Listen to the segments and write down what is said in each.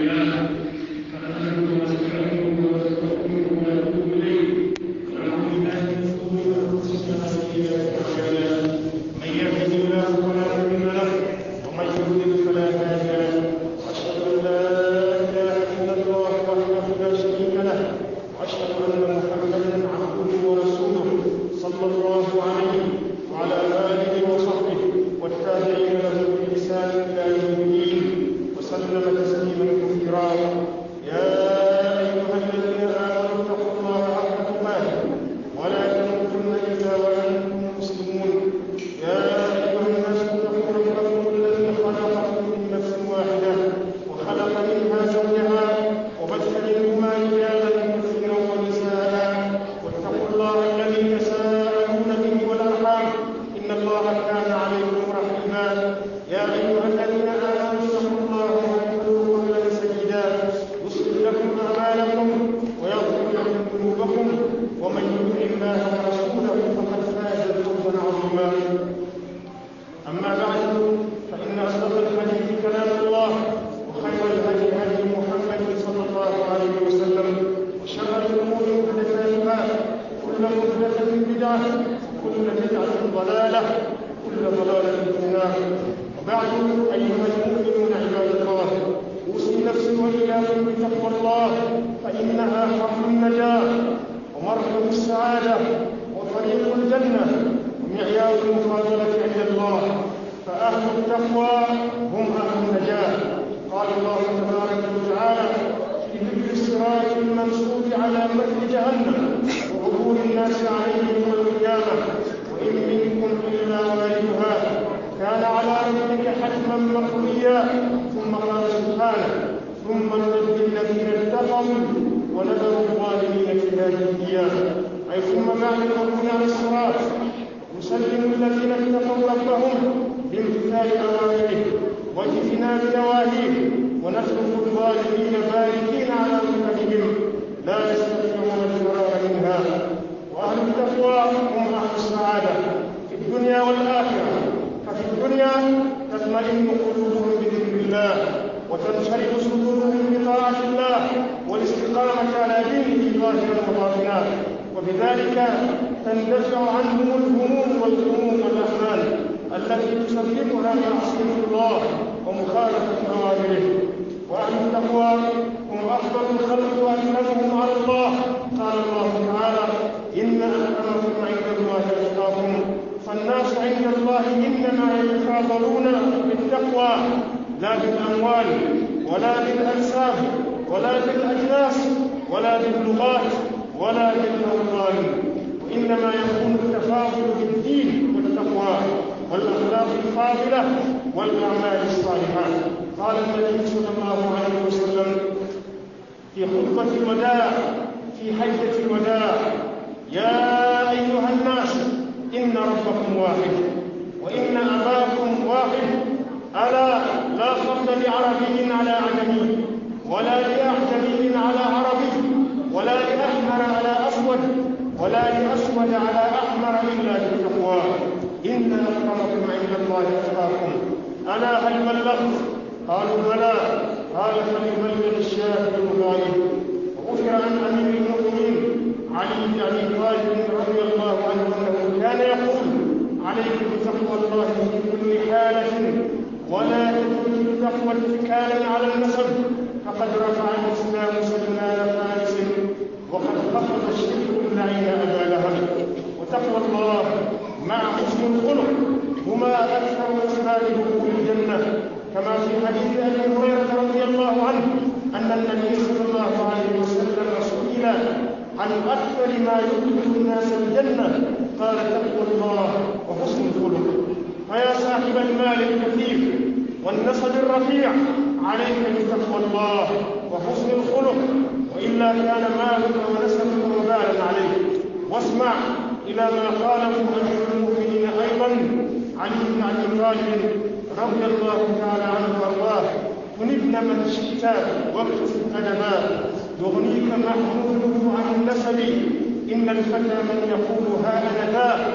Amen. no. التقوى هم أهل السعادة في الدنيا والآخرة ففي الدنيا تطمئن قلوبهم بذكر الله وتنشرح صدورهم بطاعة الله والاستقامة على دينه ظاهرا وباطنا وبذلك تندفع عنهم الهموم والهموم والأحمال التي تسببها معصية الله ومخالفة أوامره وأهل التقوى هم أفضل الخلق وأكرمهم على الله قال الله تعالى إن أكرمكم عند الله أتقاكم فالناس عند الله إنما يتفاضلون بالتقوى لا بالأموال ولا بالأنساب ولا بالأجناس ولا باللغات ولا بالأوطان وإنما يكون التفاضل بالدين والتقوى والأخلاق الفاضلة والأعمال الصالحة قال النبي صلى الله عليه وسلم في خطبة الوداع في حجة الوداع يا أيها الناس إن ربكم واحد وإن أباكم واحد ألا لا فضل لعربي على عجمي ولا لأعجمي على عربي ولا لأحمر على أسود ولا لأسود على أحمر إلا بالتقوى إن أكرمكم عند الله أتقاكم ألا هل بلغت قالوا بلى قال فليبلغ الشاهد الغائب وغفر عن أمير المؤمنين عن ابي طالب رضي الله عنه انه كان يقول عليكم تقوى الله في كل حاله ولا تكونوا بتقوى اتكالا على النسب فقد رفع الاسلام سلمان فارس وقد خفض الشرك اللعين ابا لهب وتقوى الله مع حسن الخلق هما اكثر اسبابه في الجنه كما في حديث ابي هريره رضي الله عنه ان النبي صلى الله عليه وسلم سئل عن أكثر ما يدخل الناس الجنة قال تقوى الله وحسن الخلق فيا صاحب المال الكثير والنسب الرفيع عليك بتقوى الله وحسن الخلق وإلا كان مالك ونسبك وبالا عليك واسمع إلى ما قاله أمير المؤمنين أيضا عن ابن عبد طالب رضي الله تعالى عنه وأرضاه كن ابن من شئت واقتصد أدبا يغنيك محموده عن النسب إن الفتى من يقول ها أنا ذا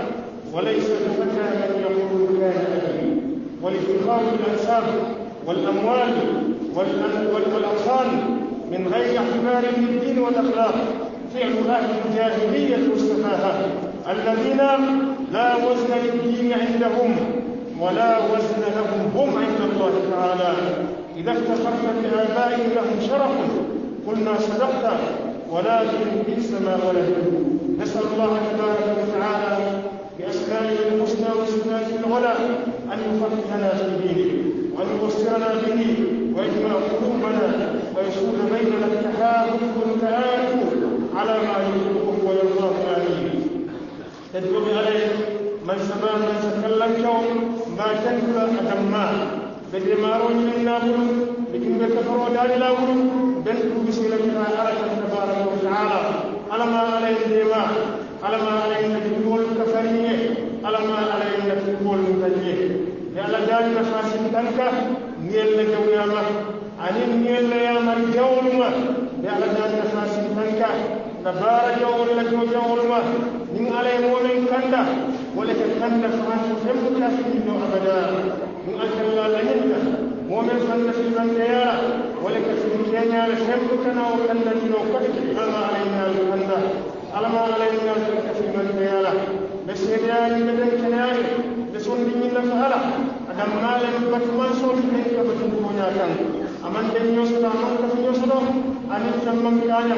وليس الفتى من يقول كان أبي والافتخار بالأنساب والأموال والأوطان من غير اعتبار للدين والأخلاق فعل أهل الجاهلية السفاهة الذين لا وزن للدين عندهم ولا وزن لهم هم عند الله تعالى إذا افتخرت بآبائهم لهم شرف قلنا صدقت ولكن بئس ما ولدت نسأل الله تبارك وتعالى بأسمائه الحسنى وصفاته العلى أن يفقهنا في دينه وأن يبصرنا به ويجمع قلوبنا ويكون بيننا التحالف والتآلف على ما يحبه ويرضاه آمين تدعو عليه من سمع تكلم تكلمتم ما تنكر أتماه ما رجل نابل لكن كفروا دار لا غرم بل بسم الله أرك تبارك وتعالى على ما عليه ديما على ما عليه نتبول كفرية على ما عليه نتبول متجيه يالا دار نفاسي تنكا نيل لجو يا أني نيل ياما الجول ما يالا دار نفاسي تنكا نبارا جول لجو جول ما من عليه مولين كندا ولكن كندا فاسي فمتا في أبدا من أجل الله لنيل مومن فن في من ديارا ولك في دنيا شمكنا وكنا نوكك أما علينا الفندا ألما علينا الفنك في من ديارا بسيداني بدن كناني بسون دين لفعلا أدم مالا بكمان صوت منك بتنبونا كان أمن دين يسرى من كفي يسرى أن يتمم كانا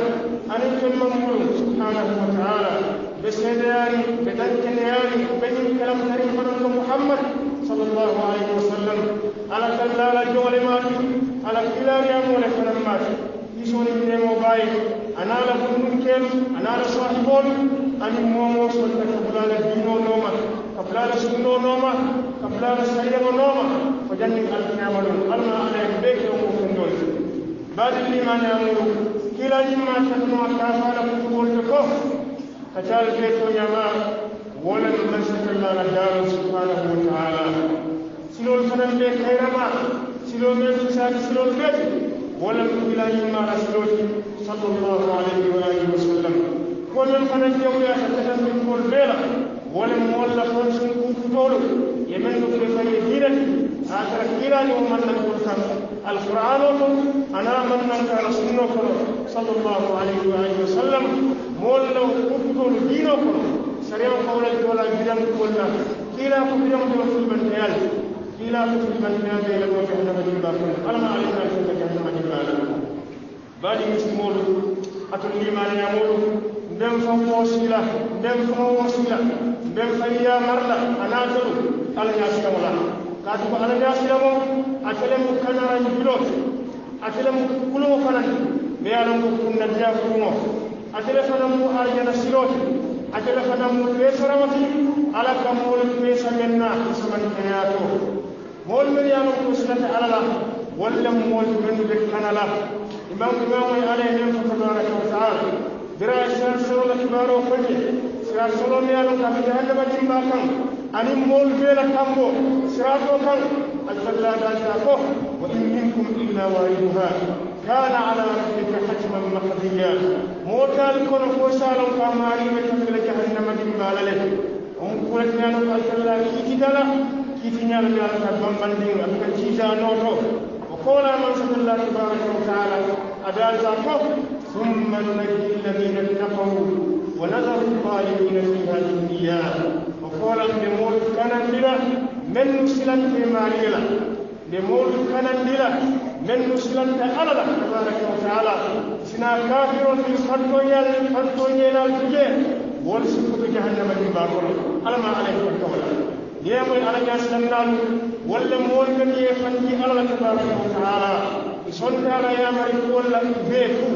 أن يتمم سبحانه وتعالى بس بسيداني بدن كناني بين كلام كريم محمد صلى الله عليه وسلم على كلا لا ماتي على كلا يا مولى فلم ماتي يسوني من الموباي أنا لا بندن كيل أنا لا صاحبون أنا مومو سولت كبلا لا دينو نوما قبل لا سنو نوما قبل لا سيرو نوما فجنن ألفنا ملون ألنا على بيك يوم كندول بعد اللي ما نعمل كلا جمع تنوى كافانا كتبول لكو كتال كيتو يما ولن نسك ala daro subhanahu wa ta'ala silol fanan be kayrama silol men susani silol be wala ko bilaji mara silol sallallahu alayhi wa alihi wa sallam wala fanan jawya tatan min kol bela wala molla fon sun ku futolo yemen ko be fay dinan akara kirani o man nan kol kan alquran o ton ana man nan ka rasulno ko sallallahu alayhi wa alihi wa sallam molla ku futolo dino ko sariyaw kawla jola gidan kolla kila ko gidan ko sulban tayal kila ko sulban tayal be la ko jahannama di ba ko alama alina ko jahannama di ba la badi muslimolu atul liman ya molu ndem fa mo sila ndem fa mo sila ndem fa ya marla anataru ala ya sila wala ka to ala ya sila mo atele mu kanara jilo atele mu kulo fana me alam ko kunna dia ko mo atele fana mu arjana siloti atela fana mulu be saramati ala ka mulu be sanenna saman kayato mol men yano ko sunata ala la walla mol men be kanala imam imam ala ne ko tabaraka wa ta'ala dira sar solo kibaro fani sar solo me yano ka be jahannama jimba kan ani mol be la kambo sirato kan al fadla da ta ko wa in minkum illa wariduha كان على ربك حتما مقضيا موتال كون فوسالون كاماري متفل جهنم دمبال لك on kulatñano ko altallah kiititala kiitiñalo ñalo ka bambandiro aka jiita noto o koolaman sotallah tabaraka wa taala adalta fof summa nunajji alladina ttaqaw wa nadaru lzalimina fiha jiniya o koolan nde moolu kanandila men silanke maariyela nde moolu kanandila من نسلن على تبارك وتعالى سنا كافر في خطويا خطويا الفجر والسكوت بجهنم في باكر على ما عليه وتعالى يوم على جاس لندن ولا مول يفن في الله تبارك وتعالى سنت على يا مريم ولا بيتو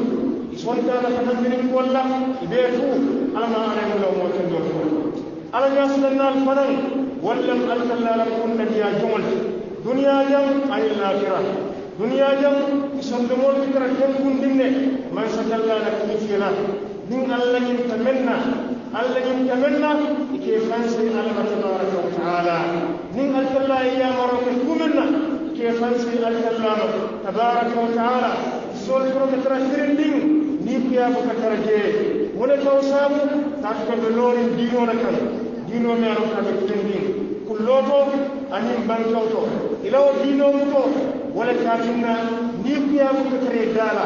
سنت على تنزل ولا بيتو على ما عليه لو موت على جاس لندن فنان ولم أتلا لكم لم جمل دنيا جم أي الآخرة duniya jam sondemol kitara tenkundinne man satallana kumi fiyona ɗin allah ñimta menna allah ñimta menna ike fansi alama tabaraka wa taala ɗin altalla e yamaroke kumenna ike fansi altallama tabaraka wa taala sol koroke tara firin ɗin ni kuyabu ka tara jee wone taw saabu taata kamɓe loorin diinona kan diino me ano kaɓe kuten ɗin kullooto anin bankawto ilawo diino mu to wala kaminna ni kiyamu ka tare dala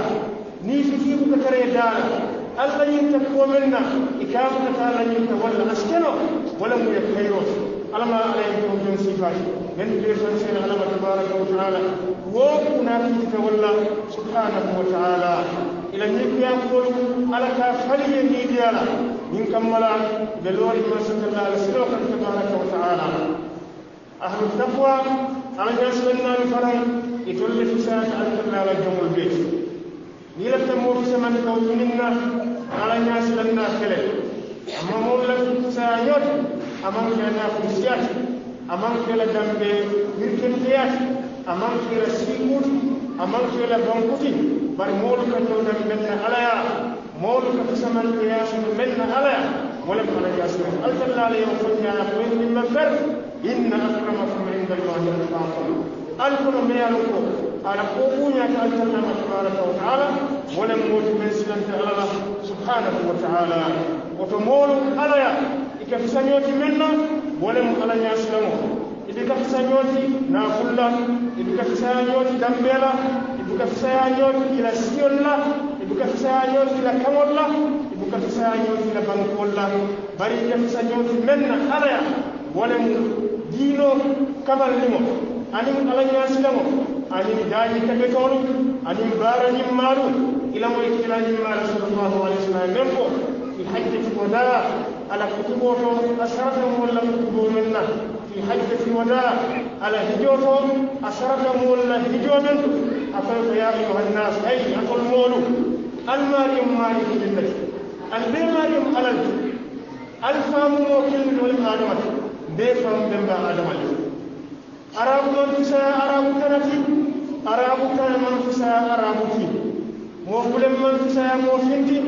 ni fiti ka tare dala alla yin ta komenna ikamu ka tala yin ta wala askano wala mu yakayro alama alayhi wa jin sifati yan bi san sai alama tabaraka wa ta'ala wo kuna fi ta wala subhanahu wa ta'ala ila ni kiyamu ko ala ka faliye ni dala min kammala da lori masallallahu alaihi wa sallam tabaraka wa ta'ala أهل التقوى أنجز لنا الفرن يتولي فساد أنتم على الجمع البيت نيلة تموت سمن كوت منا على ناس لنا كلي أما مولا تتسايد أما كنا فسياد أما كلا دمب مركن فياد أما كلا سيكون أما كلا بانكوتي بر مولا كتو دمب منا على مولا كتسمن كياس منا على ولم على ياسر ألتنا ليوم فتنا أقوين من مفرد إن أكرمكم عند الله أتقاكم ألكم من يلقوا على قوفونيا كألتنا تبارك وتعالى ولم موت من سلم تعالى سبحانه وتعالى وتمول أليا إكفسانيوتي منا ولم أليا سلمه ibuka fisanyooti naafulla ibuka fisayanyooti dambeela ibuka fisayanyooti ila siyolla ibuka fisayanyooti ila kamolla ibuka fisayanyooti ila bankolla bari ika fisanyooti menna alaya wolemu dino kamal limo anin alañasilamo anin daaji kaɓe toonu anin baaranin maalu ilamoye kilañin maru sallallahu alaihi wasallam sallam fi hajji fi wada ala kutubu to asharatu wala kutubu minna fi hajji fi wada ala hijjoto to asaratan walla hijo men akoy ko ya ayuha nnas ay akol moolu almariyum maaliki lillati albemarium alal alfamumo kelmi ɗolim adamata be fam ɓe mba adamali arabu ɗon fisa arabu kanati arabu kana man fisa arabu ki mo fulen man fisa mo finti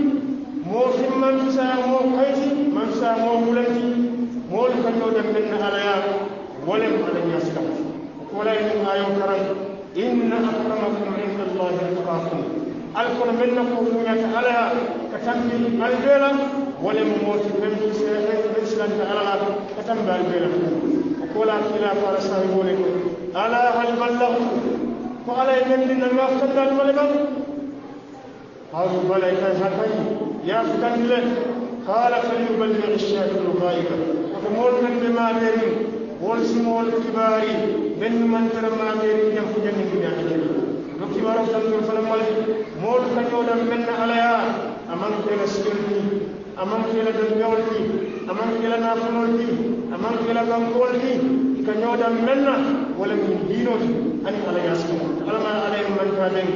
mo fin man fisa mo kayti man fisa mo fulanti moolu kañooɗen men no alaya wolem aɗa ñasikam wolay min ayo karan inna akramakum inda allahi atqakum alkono men no ko muñata alaya ka tambi albeela wolem mooti men fisa سلان على لا كتم بال بيل وقولا كلا قال صاحب الا هل بلغ وقال ان لنا ما فتن ولبن قال بل اي كان يا فتن له قال فليبلغ الشاك الغائب وكمول من بما بيري ورسمول كباري من من ترى ما بيري يخرج من بيعته نكتب رفضا من فلم ولد مول فنيودا من عليها امنت الى السجن امنت الى الدنيا aman kilana fulol di aman kilana kol di ika ñoodan menna wala min diino ti ani ala yasimo ala ma ala en mantaden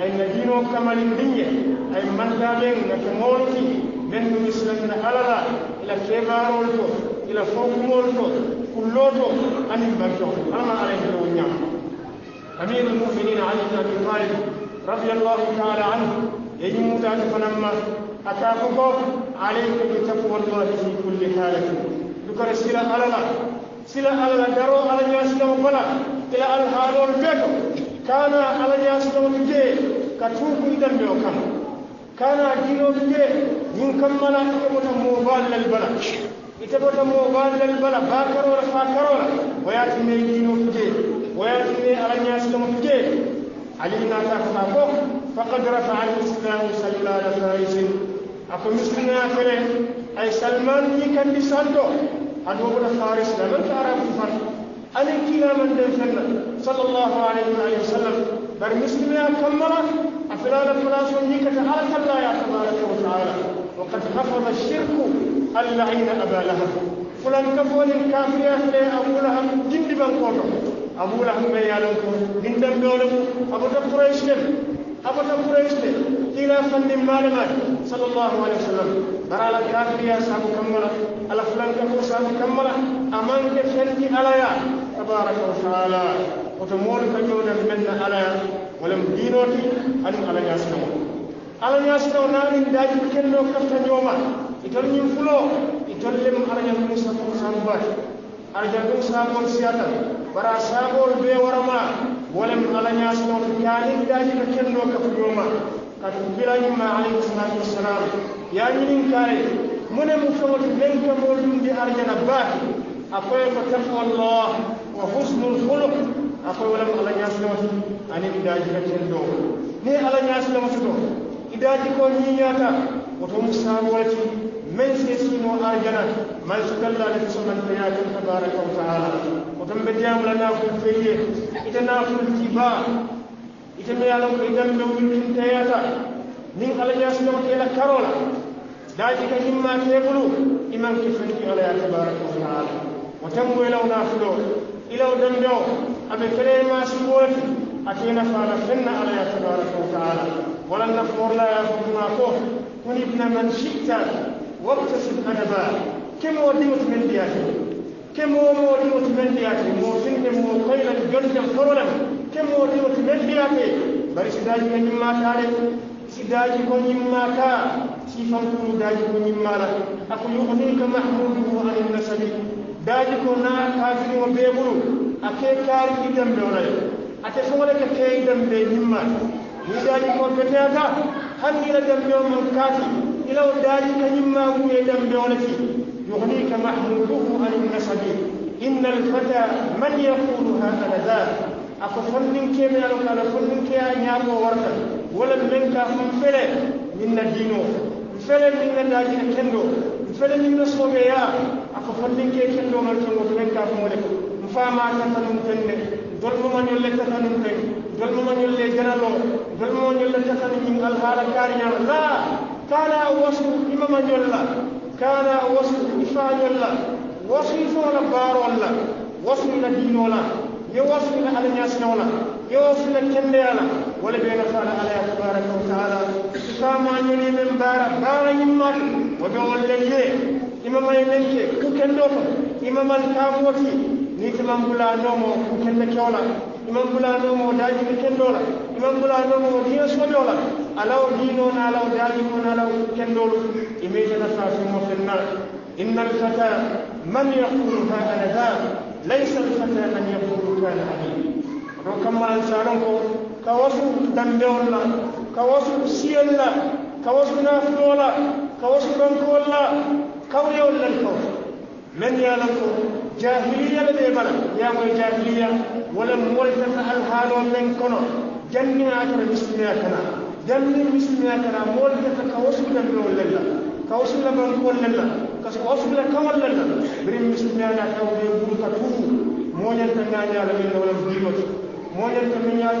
ay na diino kamali minye ay mantaden na kemolu ti men ɗum islamina ala la ila kebarol to ila fofumol to kulloo to ani banto ala ma ala en ñam أمير المؤمنين علي بن أبي طالب رضي الله تعالى عنه يجمع ذلك فلما أتاكم عليك بتقوى الله في كل حالة ذكر سلا على لا سلا على لا درو على جاسنا وبلا إلى الحال والبيت كان على جاسنا وبجي كتوك دم يوكم كان أكيد وبجي ينكم ملا يتبوت موبال للبلا يتبوت موبال للبلا باكر ولا فاكر ولا وياتي من دين وبجي وياتي من على جاسنا وبجي علينا تاخذ فقد رفع الإسلام سلالة فارس a fo misirinaya fene a ye salmanu ñikandi santo aɗo wona faris la man taarafu fan ani kiilaman den fenna sallallahu alayhi wa sallam bari misirinaya kammala a filana place o ñikkata ala tallaya tabaraka wa taala وقد خفض الشرك اللعين أبا لهب فلان كفول الكافريات لي أبو لهب جند بن قوتو أبو لهب بيالنكو دندن بيولم أبو تقريش لهم أبدا بريشتي إلى فن مالما صلى الله عليه وسلم برا لك آخر يا سعب كملا على فلان كفو سعب كملا أمان كفنتي على يا تبارك وتعالى وتمول كجودا منا على يا ولم دينوتي أن على يا سنو على يا سنو نالي داجي كنو كفتا نيوما إتل ينفلو إتل لم على يا موسى كفو سعب باش على يا موسى كفو سياتا برا سعبول بي ورما ولم على ناس لو في عالم ذلك كن لو كفر يوما قد بلا يوما عليه الصلاة والسلام يا من كاري من مفوت من كمول دي أرجنا باه أقوي فتح الله وحسن الخلق أقوي ولم على ناس لو في أنا بداجي كن لو ني على ناس لو في دو إذا تكون ياتا وتوم سامولتي من سيسمو آجنا ما يسكلا لسمن بيات تبارك وتعالى وكم بديام لنا كل فيه إتنا كل تبا إتنا يالو إذن لو من تياتا نين على ياسلو تيلا كارولا داجك إما تيبلو إما كفنك على تبارك وتعالى وتمو إلو نافلو إلو دمدو أبي فلي ما سبوتي أتينا فعلا فن على تبارك وتعالى ولن نفور لا يفضنا كون كن ابن من شئت واقتصد انا با كم ودي وتمن دي اخي كم ودي وتمن دي اخي مو سن كم وقيل الجن كم فرلا كم ودي وتمن دي اخي بريش داجي من ما تاري سيداجي كون يما كا سيفان كون داجي كون يما لا اكو يوخذين كما حمودو على النسب داجي كون نا كافي وبيمرو اكي كاري كي دم دوراي اكي سوله كي دم دي يما ni daaji ko fetata hanni la dem yo mon kaati إلى ذلك مما هو يدم بولتي يغنيك محموده عن النسبين إن الفتى من يقولها أنذاك أكو فنن كيما يلوك على فنن كيا نيامو ورطا ولا من كافم فلا من الدينو فلا من الدين كندو فلا من الصوبيا أكو فنن كيا كندو مرتبو من كافم ولك مفاما تنم تنم ظلم من يلك تنم تنم ظلم من يلك جنالو ظلم من يلك تنم من الهارة كاريان لا kana wasu imamañol la kana wasu ifañol la wasu ifola baarol la wasu ila diino la ye wasu ila alañasinaw la ye wasu ila kendeya la wala ɓeena faala alaya tabaraka wa taala sifamañol ye men baara baara ñimmaati wo ɓe on len ye imamay lenke ku kendo to imamal kaamoti ni imam bula noomo ku kende kewla imam bula noomo daajimi kendola men bula men mo diñe soño la alaw diino na alaw daalimo na alaw kendolu imejana sa sumo fenna inna alfata man yaqulu ha ana da laysa alfata man yaqulu kana amin oto kammalan salon ko ka wasu dambewol la ka wasu siyol la ka wasu nafulo la ka wasu kankowol la kawyewol lal ko men ye lan ko jahiliya le ɓe bala yamoye jahiliya wala moltata alhaalol men kono janniŋa tara misilimaya kana janniŋ misilimaya kana moolu keta ka wo subila mbeŋol le la ka wo subila bankuwol le la ka wo subila kawol le la biriŋ misilimaya na taw be buru ka tuufu mooñanta ŋaañaa la meŋ na walaŋ diino ti mooñanta ŋaañaa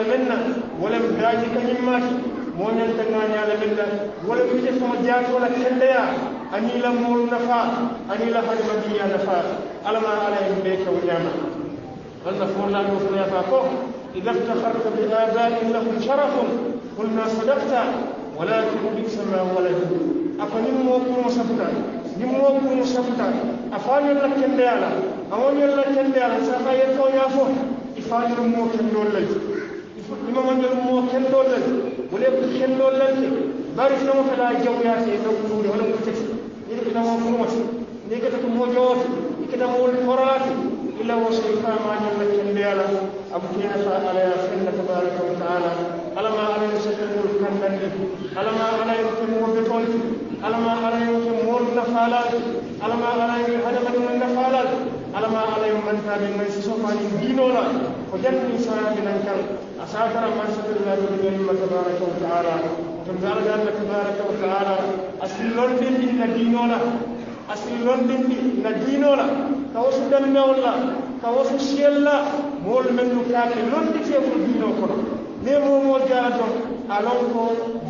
la meŋ na walaŋ daaji kañimmaa ti mooñanta ŋaañaa la meŋ na walaŋ mite faŋo jaatoo la kendeyaa aniŋ la moolu nafaa aniŋ la hadamadiŋyaa nafaa alla maa ala ye mbee kewo ñaama alla fo laa ñoo fanayaa faa ko إذا افتخرت بآباء لهم شرف قلنا صدقت ولكن بئس ما ولدوا أفنم وكم سبتا نم وكم سبتا أفان يلا كنديالا أون يلا كنديالا سافا يلقوا يافو إفان يلمو كندول إمام إما من يلمو كندول لك وليك كندول لك بارك نمو فلا جوياتي نقول ولا متكسر إذا كنا مفرومة نيكتك موجود إكتك مو فراتي إلا وصيفا ما جنة كنديالا أبو تيافا على ياسين تبارك وتعالى على ما على يسجد الكندي على ما على يمكن وبطول على ما على يمكن مول نفالات على ما على يمكن من نفالات على ما على يمن تاني من سوما دينولا وجد سوى من أنكر أسافر من سجد الله بالنعمة تبارك وتعالى وتنزل ذلك تبارك وتعالى أسلل دين دينولا asiri londindi na diino la ka wasu danmewol la ka wasu siyel la mool men nu kaake londitee ko diino kono ne moomol jaato alon ko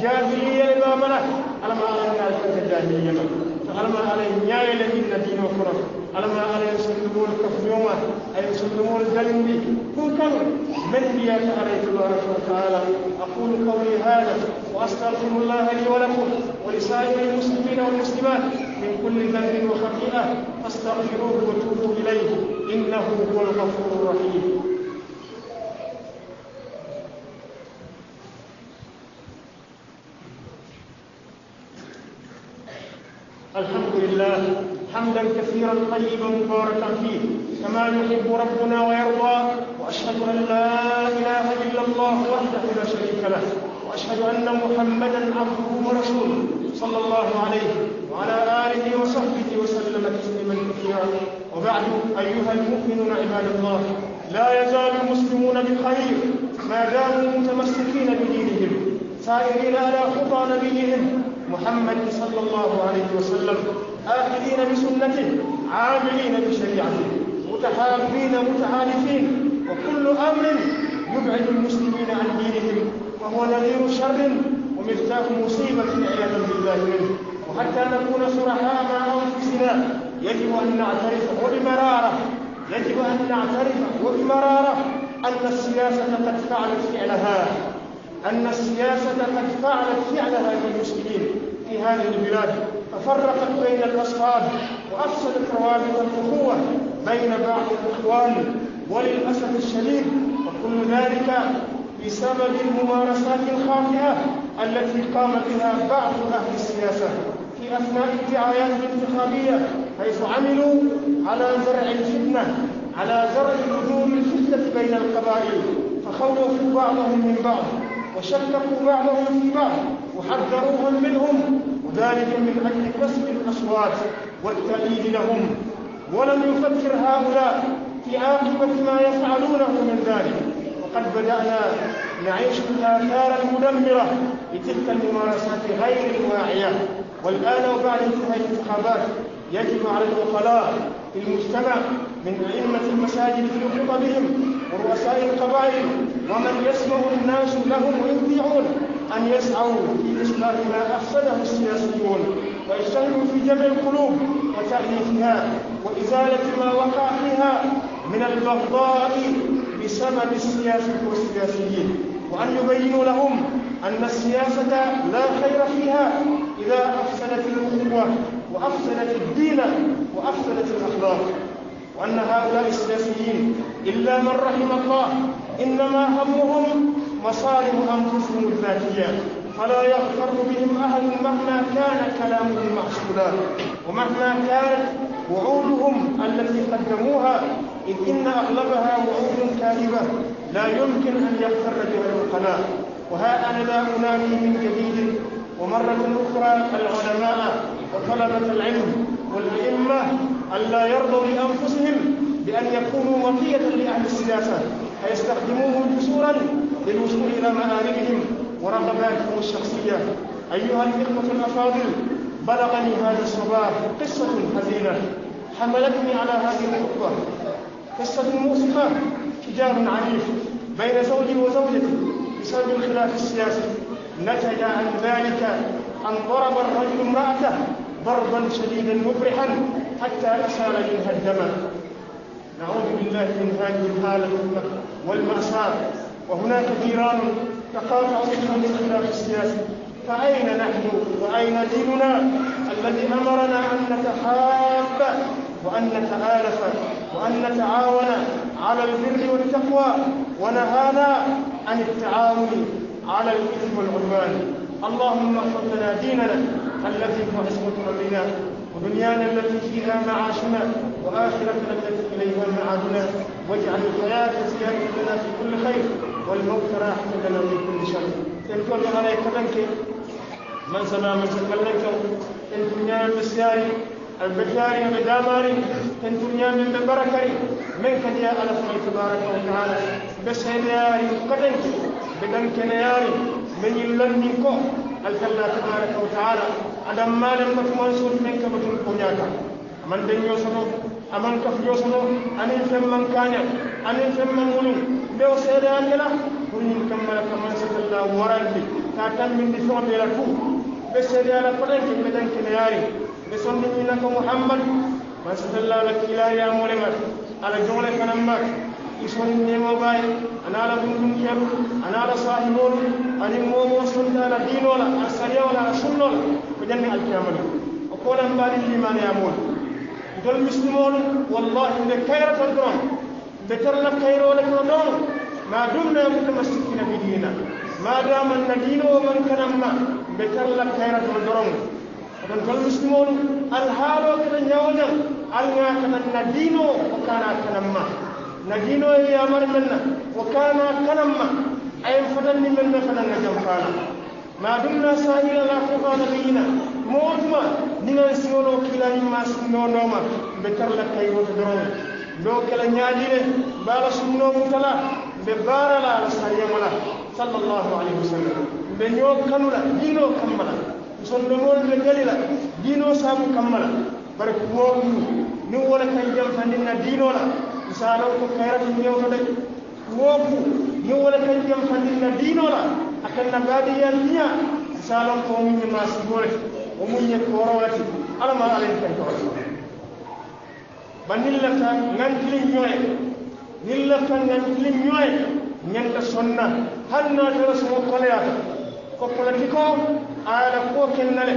jahiliyele mamana alama alangal kete jahiliya ma to alama alay ñaayele ɗin na diino kono alama alay sollumool kafñooma ay sollumool jalindi ɗum kan men mbiyata alay tabaraka wa taala aqulu qawli hada wa astahfirullah li wa lakum wa lisa'iri almuslimina walmuslimat من كل ذنب وخطيئة فاستغفروه وتوبوا إليه إنه هو الغفور الرحيم الحمد لله حمدا كثيرا طيبا مباركا فيه كما يحب ربنا ويرضى واشهد ان لا اله الا الله وحده لا شريك له واشهد ان محمدا عبده ورسوله صلى الله عليه وعلى آله وصحبه وسلم تسليما كثيرا وبعد أيها المؤمنون عباد الله لا يزال المسلمون بالخير ما داموا متمسكين بدينهم سائرين على خطى نبيهم محمد صلى الله عليه وسلم آخذين بسنته عاملين بشريعته متحابين متعالفين وكل أمر يبعد المسلمين عن دينهم وهو نذير شر ومفتاح مصيبة عياذا بالله منه وحتى نكون صرحاء مع أنفسنا يجب أن نعترف وبمرارة يجب أن نعترف وبمرارة أن السياسة قد فعلت فعلها أن السياسة قد فعلت فعلها للمسلمين في هذه البلاد ففرقت بين الأصحاب وأفسدت روابط الأخوة بين بعض الإخوان وللأسف الشديد وكل ذلك بسبب الممارسات الخاطئة التي قام بها بعض أهل السياسة في أثناء الدعايات الانتخابية حيث عملوا على زرع الفتنة على زرع نجوم الفتنة بين القبائل فخوفوا بعضهم من بعض وشككوا بعضهم في بعض وحذروهم منهم وذلك من أجل كسب الأصوات والتأييد لهم ولم يفكر هؤلاء في عاقبة ما يفعلونه من ذلك وقد بدأنا نعيش الآثار المدمرة لتلك الممارسات غير الواعية والآن وبعد انتهاء الانتخابات يجب على العقلاء في المجتمع من أئمة المساجد في خطبهم ورؤساء القبائل ومن يسمع الناس لهم ويطيعون أن يسعوا في إصلاح ما أفسده السياسيون ويجتهدوا في جمع القلوب وتأليفها وإزالة ما وقع فيها من البغضاء بسبب السياسة والسياسيين وأن يبينوا لهم أن السياسة لا خير فيها إذا أفسدت الأمة وأفسدت الدين وأفسدت الأخلاق وأن هؤلاء السلفيين إلا من رحم الله إنما همهم مصالح أنفسهم الذاتية فلا يغتر بهم أحد مهما كان كلامهم مقصودا ومهما كانت وعودهم التي قدموها إذ إن أغلبها وعود كاذبة لا يمكن أن يغتر بها القناة وها أنا لا أنامي من جديد ومرة أخرى العلماء وطلبة العلم والأئمة ألا يرضوا لأنفسهم بأن يكونوا وقية لأهل السياسة فيستخدموهم جسورا للوصول إلى مآربهم ورغباتهم الشخصية أيها الإخوة الأفاضل بلغني هذا الصباح قصة حزينة حملتني على هذه الخطوة قصة موسخة حجاب عنيف بين زوجي وزوجتي بسبب الخلاف السياسي نتج عن ذلك أن ضرب الرجل امرأته ضربا شديدا مفرحا حتى أسال منها الدم نعوذ بالله من هذه الحالة والمأساة وهناك جيران تقاطع بهم الخلاف السياسي فأين نحن وأين ديننا الذي أمرنا أن نتحاب وأن نتآلف وأن نتعاون على البر والتقوى ونهانا عن التعاون على الإثم والعدوان اللهم اغفر لنا ديننا الذي هو عصمة ربنا ودنيانا التي فيها معاشنا وآخرتنا التي إليها معادنا واجعل الحياة زيادة لنا في كل خير والموت راحة لنا من كل شر تلكون عليك منك من سمع من سكلك إن دنيا بسياري البشاري بداماري إن دنيا من ببركري منك يا الله تبارك وتعالى بس هداري قدنك بدن كنياري من يلني كو الكلا تبارك وتعالى adam malem ko mon sun men ko batul ko nyaaka man den yo sono aman ko yo sono ani fem man kanya ani fem man mulum be o seede an la pour ñun kam mala kam man satalla warandi ta tan min di fonde la fu be seede ala ko den be den ke yaari be sonni ni la ko muhammad man satalla la kila ya mulema ala jongle kanam mak يسون نيموباي انا لا دونكم كيرو انا لا صاحبون ان مومو سلطان دين ولا اسريا ولا سنن ولا بجن القيامه وقولا بالي الايمان يا مول دول مسلمون والله ان خيرة الدرون ذكر لك خير ولا كرون ما دمنا متمسكين بديننا ما دام ان دين ومن كرمنا ذكر لك خير الدرون ɗon tol muslimolu alhaalo kata ñawoñam alga katanna diino o kana kanamma nadino ye yamar menna wo kana kanamma ayen fotanni men be fana na jam fala ma dumna sahila la fofana beyina mowotuma ndigan siŋolo kilañimma sunnonoma mbe tarla kay woto doron do kela ñaadire baala sunnomu tala mbe baarala ala sariyamala sallallahu alayhi wa sallam mbe ñoo kanula diino kammala sondomolu ɓe galila diino saabu kammala bare kuwomu ni wala kan jam fandinna diino la sanon ko kayratu ñewtoɗa mooku ñewwole kan jam fandinna diinola akan na baadiyan niya si salon ko omuñe masigolete omuñe korowlete alama alayn kan toxoto bandin lafta ngantili ñoye nin lafta ngantili ñoye ñanta sonna har naatara somo koleyata ko politiko ala ko kennale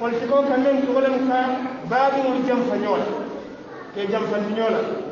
politiko kamen tugolen ka baabugol jam fa ñoola ke jam fandi ñoola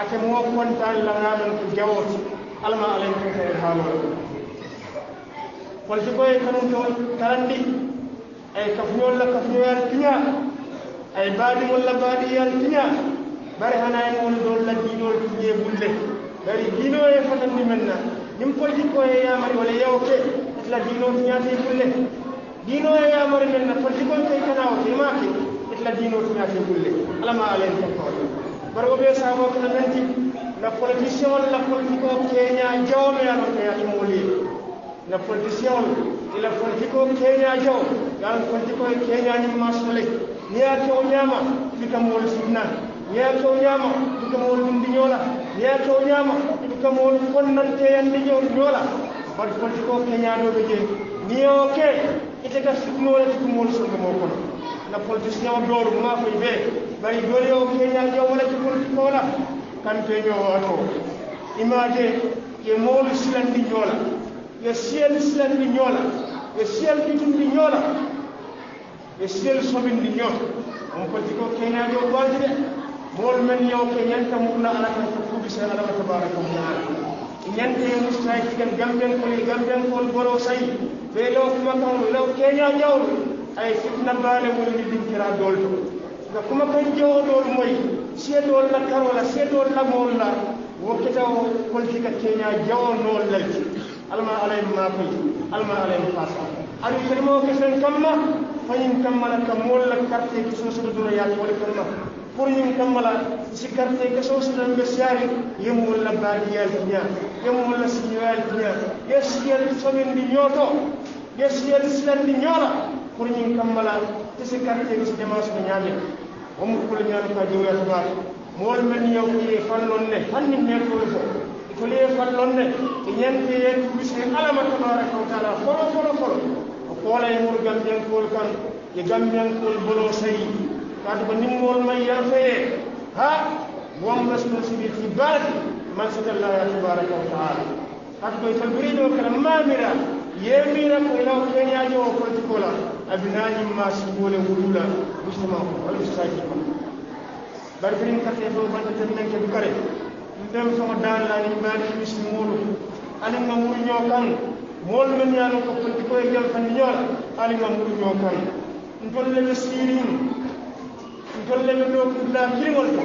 ake moo kontaan laŋaamen ko jawot alma alay ko kene haaloo polti koye kanum to tarandi ay kafuñol la kafuñoyal tiña ay badi baadiŋol la baadiyal tiña bari hana en mool do la diinol tiñee bulle bari dino e fatan di menna nim ko ñiŋ ko e yamari wala yaw ke la itla diinoo ti bulle diinoo ye yaamari men ko polti koy kay kanawo ke maake itla diinoo ti bulle alama alayen ko kawla barago be sabo kana nanti na politicien la politico kenya jawme ya no ya tumuli na politicien ila politico kenya jaw ya politico kenya ni masule ni ya ko nyama fika mol sunna ni ya ko nyama fika mol ndinyola ni ya ko nyama fika mol konnante yandi nyola bar politico kenya do be je ni yo ke ite ka sukno la fika mol sunna mo kono na politicien doru ma ko be bari dole o ke nyal jo wala ci politique wala kan te ñoo wato image ye mool silandi ñola ye siel silandi ñola ye siel ditundi ñola ye siel sobindi ñola on politique o ke nyal jo wato de mool men yow ke ñanta murna ala kan ko kubi sen ala tabaraka wa taala ñande mustaay ci kan gamben ko gamben ko boro say be law kuma kan law kenya ñawlu ay fitna baane wolu ci raa dool to nga ma koy jewo dool mooy seetool la karo la seetool la moom wo kita o politique ak Kenya keña jawo la ci alma alay maa koy alma alay faasa aɗu kalima o kesen kamma fañin kammala ka mool la carte ki so soto dura yàlla wala ma pour ñu kam ma la si carte ka so soto mbe siyaari la la di di yàlla yàlla ñaar ñaar si ñu yem walla baadiyaali ña yem walla siñoyaali ña yes yel somindi si yes di ñoo la pour ñiŋ kammalaan te si quartier bi si démence bi ñaamin wo mu kulu ñaami ka jowya tabaar moolu men yow ko ye fallon ne hanni meetoolu fo i ko liye fallon ne i ñanti ye tubisiri alama tabaraka wa taala folo folo folo o koolay mur gambiyankoolu kan ye gambiyankoolu boloo sayi kaatu ko niŋ moolu maŋ yan feye ha wom responsibility baati man sitallaha tabaraka wa taala kaatu ko ita biriñoo kala maamira ye miira ko ilaw keñaajo o politiko la abinani ma subole wulula musuma ko wal ustaji ko bar bin ka te do ban te men ke bukare ndem so dal la ni bari musmulu ani ma mu nyokan mol men yano ko ko ko e gel fan nyol ani ma mu nyokan ndolle le sirin ndolle le do la kirgol ko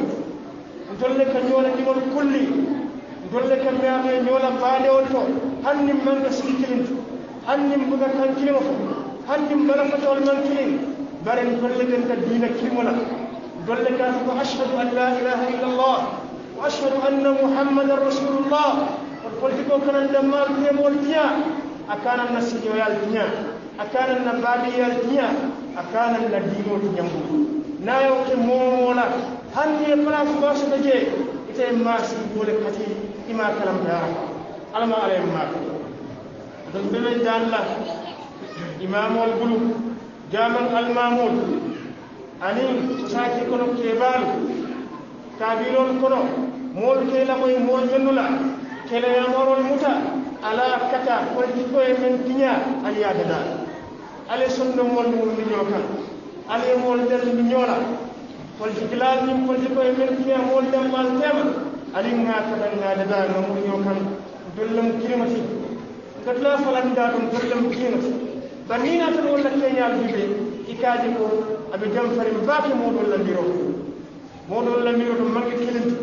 ndolle ka nyola ki mol kulli ndolle ka meame nyola baade on to hannim man ka sikilin hannim buga kan kilimo hannin balafatol man kilin baren golleten ta diina kilimola dolle ka ko ashhadu an la ilaha illa allah wa ashhadu anna muhammadar rasulullah wa on politiko kanan dammal kemol tiya akana na yal tiya akana na yal tiya akana na diinol ñambu nayonke momola hanni place basota je ite maasi bole kati ima kalam da alama alaye ma donc bebe dan la إمام البلوغ جامع المامون أنين ساكي كنو كيبال كابيلون كنو مول كيلا موي مول منولا كيلا يامور المتا على كتا ولتكو من تنيا اليادنا علي سنو مول مول نيوكا علي مول دل نيولا ولتكلال نيم ولتكو من تنيا مول دم مالتما علي ناتنا نادنا نمو نيوكا دلم كلمتي كتلا فلان دارم دلم كلمتي bar mina tan wolla keñal duɓe ikaaji ɗo aɓe jam farim baake moɗon lamiro moɗon lamiro ɗo magge kilintu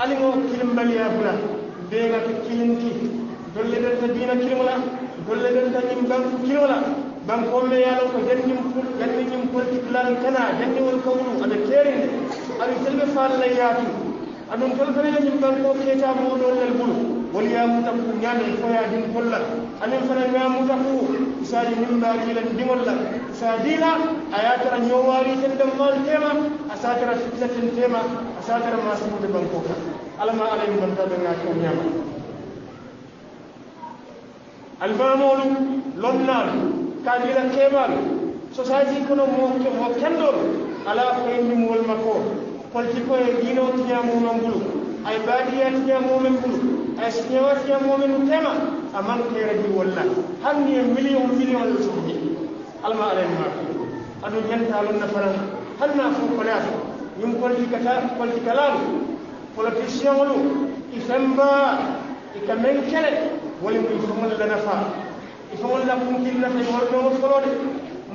alimo kilimbaliya bula mbeyata kilinti dolle ɗelta dina kilola dolle ɗelta ɗim banku kilola bankomme yalo ko jannim jannijim politiquelal kana janniwol kawlu aɓe keerinde aɓe selɓe falla yaatu aɗum tolfanaeñim banko keeta moɗollel ɓulo wol yamuta ku ñaanel foyadin kollal amin fana ñamuta ku isaji nimbaaki la ndiŋol la isaji la a ye a tara ñoowaariiten danmaal teema a se a tara fitnatin teema a se a tara maasimude banko kan alla ma alla ye banta be ŋa keo ñaama alimamoolu lonnaalu kaajila keemaalu society kono moo moo kendoolu ala koyindi muwol ma ko politiko ye diinoo tiñaamuumen bulu ay baadiyaa tiñaamuumen bulu ay siñawa tiñaamuumen tema أمان كيرجي ولا هني مليون مليون شعبي الما علينا أنو جنت على النفر هل نافو قناه يوم كل كتاب كل كلام كل تشيء ولو إسمبا إكمن كلا ولم يفهم لنا فا يفهم لنا ممكن لنا في ورد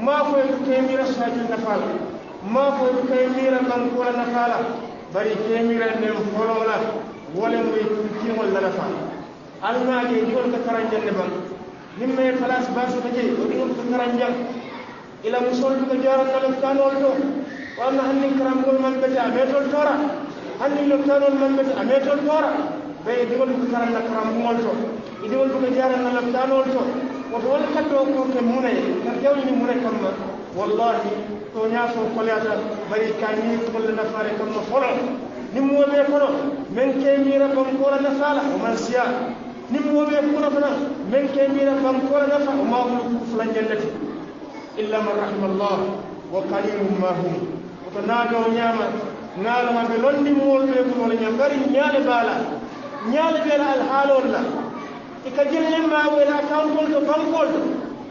ما فوق كاميرا ساجد نفال ما فوق كاميرا منقول نفال بري كاميرا نفول ولا ولم يفهم لنا فا aluna je diwol ka karanjan ne ban nimme kalas basu ka je o diwol ka karanjan ila musol ka jaran na leftanol to wanna hannin karambol man bete a metol tora hannin leftanol man bete a metol tora ɓe diwol ka karan na karambumol to i diwol ka jaran na leftanol to woto wol kaddo ko ke munaye kar jawni munay kamma wallahi to ñaaso kolyata bari ka ni kolle nafare kamma folo nimmoɓe kono min ke mira bonkola nasala oman siya ni mo be kuna fana men ke mi na kan ko na fa ma mu ku fulan jannati illa man rahimallah wa qalilum ma hum to na do nyama ngala ma be londi mo be ko wala nyam bari nyaale bala nyaale be al halol la e ka jelle ma we la kan ko to kan ko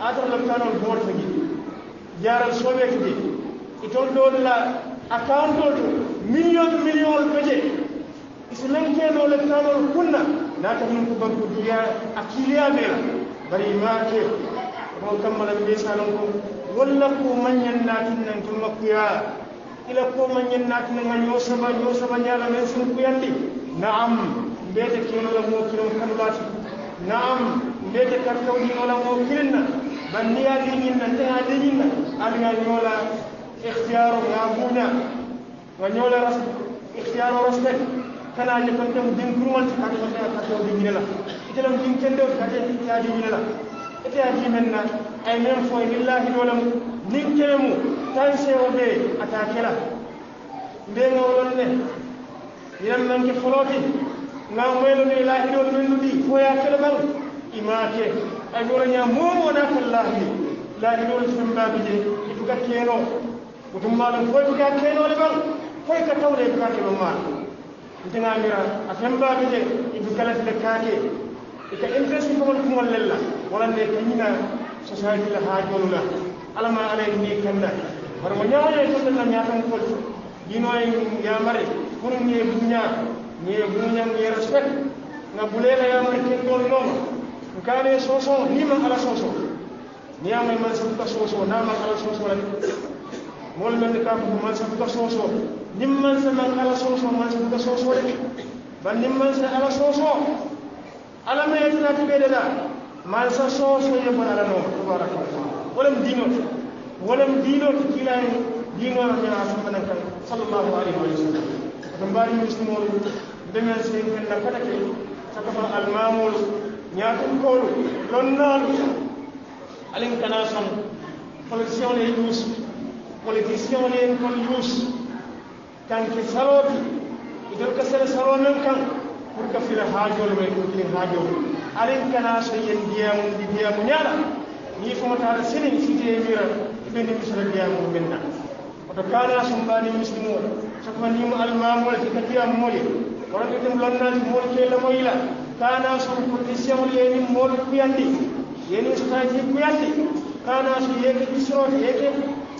adar la kanol bol to gi jaral sobe ki itol do la account to million million ko je islam ke no le kanol kunna naata min ko banko duniya a kiiliya be la bari ma ke kono kammala ɓe salon ko walla ko mañan naatin nan to makkuya ila ko mañan naatin nga ñoo saba ñoo saba ñaala men sun kuyandi naam mbeete kenola mo kilon kadulaati naam mbeete kartawɗinola mo kilinna banniya liñinna teha liñinna aɗa ñoola ihtiyaro ngabuña wa ñoola ihtiyaro respect kana ne kan dem din kurmal ka ka ka ka din ne la ite lam din kendo ka ka ya din ne la ite ya din men na ay men fo lillahi dolam din kelemu tan se o be ata kala be ngawlon ne yam man ke foloti nga melo ni ilahi dol men ludi fo ya kala bal imake ay gora nya momo na kallahi lahi dol sun babi je ibuka keno utumma lan fo ibuka keno le bal fo ka tawle ibuka keno ma dinga mira afem ba bi de ibu kalas de kake ita interest ko won ko lella wala ne ko ni na society la ha jolu la ala ma ala ni kan na war mo nyaaye ko tan nya tan ko ni no ay ya mari ko ni e bu nya ni e bu nya ni respect na bu le la ya mari ken ko non ngale so so ni ma ala so so ni ya mai man so ko so so na ma ala so so la ni mol men ka ko man sa buka soso nim man sa man ala soso man sa buka soso de ban nim man sa ala soso ala me yata to be da man sa soso ye ban ala no tabarakallah walam dino walam dino kila ni dino na ya sa man kan sallallahu alaihi wa sallam dan bari muslimol dengan sen kan da kata ke sakafa almamul nyatum kolu lonnal alin kana son polisiyon le yusu politiciens ni kon yus tan ke saroti idol ka sere saro nan kan pour ka fira hajol way ko fira hajol alen kana so yen mun di mun nyala ni fuma tara sene site mira ibn misra diamu benna oto kana so mbani muslimu so ko ni mu almamu ci ka diamu mole wala ko dem lonna na mol ke la moyla kana so ye ni mol ku yandi ni so taji ku yandi kana so yeke disro yeke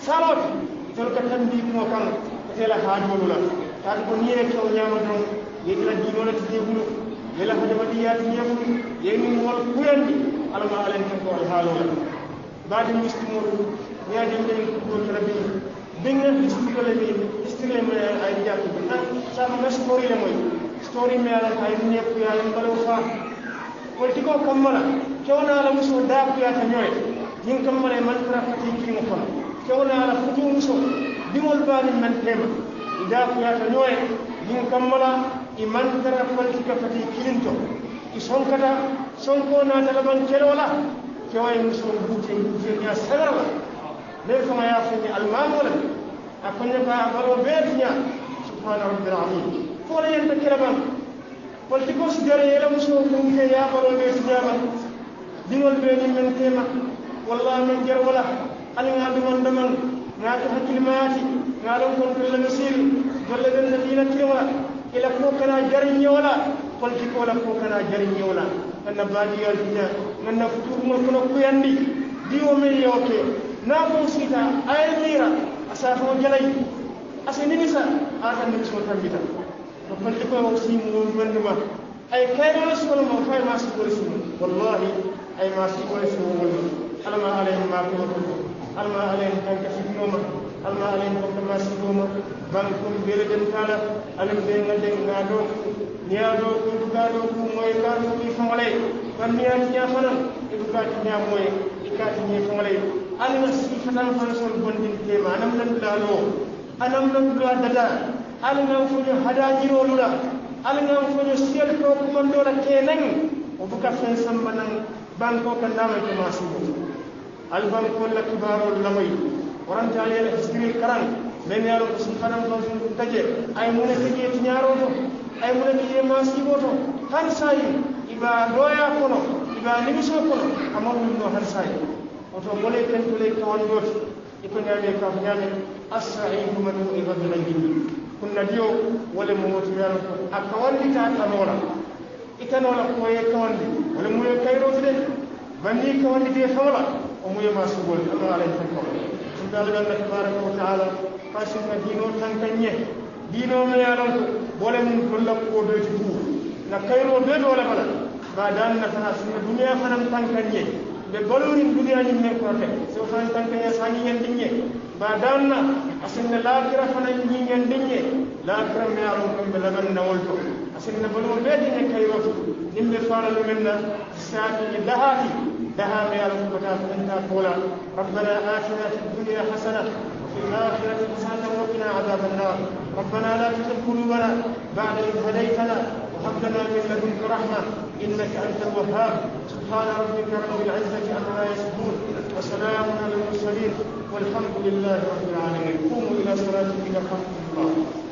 salot tan ka tandi no kan tela haajo lula ta ko niye ko nyaama don ye la dino la tiye bulu ye la haajo ma diya tiye bulu ye ni wol kuyen di ala ma alen ko wol haalo la baati muslimo niya dem dem ko rabbi dinga istiko le ni istire ma ay diya ko na sa ma na story le moy story me ala ay ni ko ya en balo fa ko tiko kamala ko na la muso da ko ya ta noy ding kamale man tra fatiki mo fa kewna ala futuu muso diŋol baanin man tema ida kuyata ñoye ɗin kammala i mantara politika fati kilinto i sonkata sonko naatalaban kelola kewaye muso buute buuteña sagarala mais fama ya feni almamola a konne ka balo beetiña subhana rabbil alamin foola yenta kelaban politiko sudare yela muso kumke ya balo beetiñaman diŋol ɓeeni men tema walla men jar wala ali ŋa duman daman ŋa to hakkilimati ŋa lon kon dolla misiri dolla ɓen no ɗina tewa ila fo kana jari ñewola politique ola fo kana jari ñewola ganna baadiyal dina ganna futurumol kono kuyandi diwo men yewke naafon siita aye mira a saafoo jalayi asa nimisa aatan nimisoo tambita no politique o simuwon banduma ay kayrole sukolma fay ma sikore sumo wallahi ay ma sikore sumo wolma alama alayhim ma kumatum alma alen kan ka sik mom alma alen ko ma sik mom bal kum bele den kala alen be nga den ga do nya do ko ga do ko moy ka do ko fa wale kan nya nya fa na e ko ga nya moy e ka ti nya fa wale alen ma sik fa tan fa so bon din te ma nam lan la lo anam lan la dada alen ma fu ni hada ji ro lu la alen ma fu ni sel ko ko man do la te nang o bu ka fen sam banang bang ko ka na ma ke ma sik mom alfan kolla kibarol lamoyi waranta aliyala histril karan men yaro ko sun fanan ton sun taje ay mune taje tinyaro to ay mune taje masibo to har sayi iba doya kono iba nimiso kono amon min no har sayi oto bole ken tole to on dot iko nyame ka nyame as-sa'idu man huwa ghadlan jinni kunna dio wala mo moti yaro ko akawandi ta tanora ikanola ko ye kawandi wala mo ye kayro de banni kawandi de fawla omuyomaa subol ano alay tan ko ɗum ɗo allah allah tabaraka wa taala fasinna diinoo tan kan ñe diinoo me yalon ko bole mum dolla ko doyti tuur na kayroo bee doole fana ma daanna tana sunna duniya fanan tan kan ñe ɓe balorin duniya ñim men kono te so tan tan kan ñe sañiñen ɗin ñe ma daanna asinna laakira fanan ñiñen ɗin ñe laakira me yalon kon ɓe lagan nawol to asinna baloo bee ɗin e kayroo to nin ɓe faalalu men na saaki lahaati لها من ربنا منا قولا ربنا آتنا في الدنيا حسنة وفي الآخرة حسنة وقنا عذاب النار ربنا لا تزغ قلوبنا بعد إذ هديتنا وهب لنا من لدنك رحمة إنك أنت الوهاب سبحان ربك رب العزة عما يصفون وسلام على المرسلين والحمد لله رب العالمين قوموا إلى صلاتكم إلى الله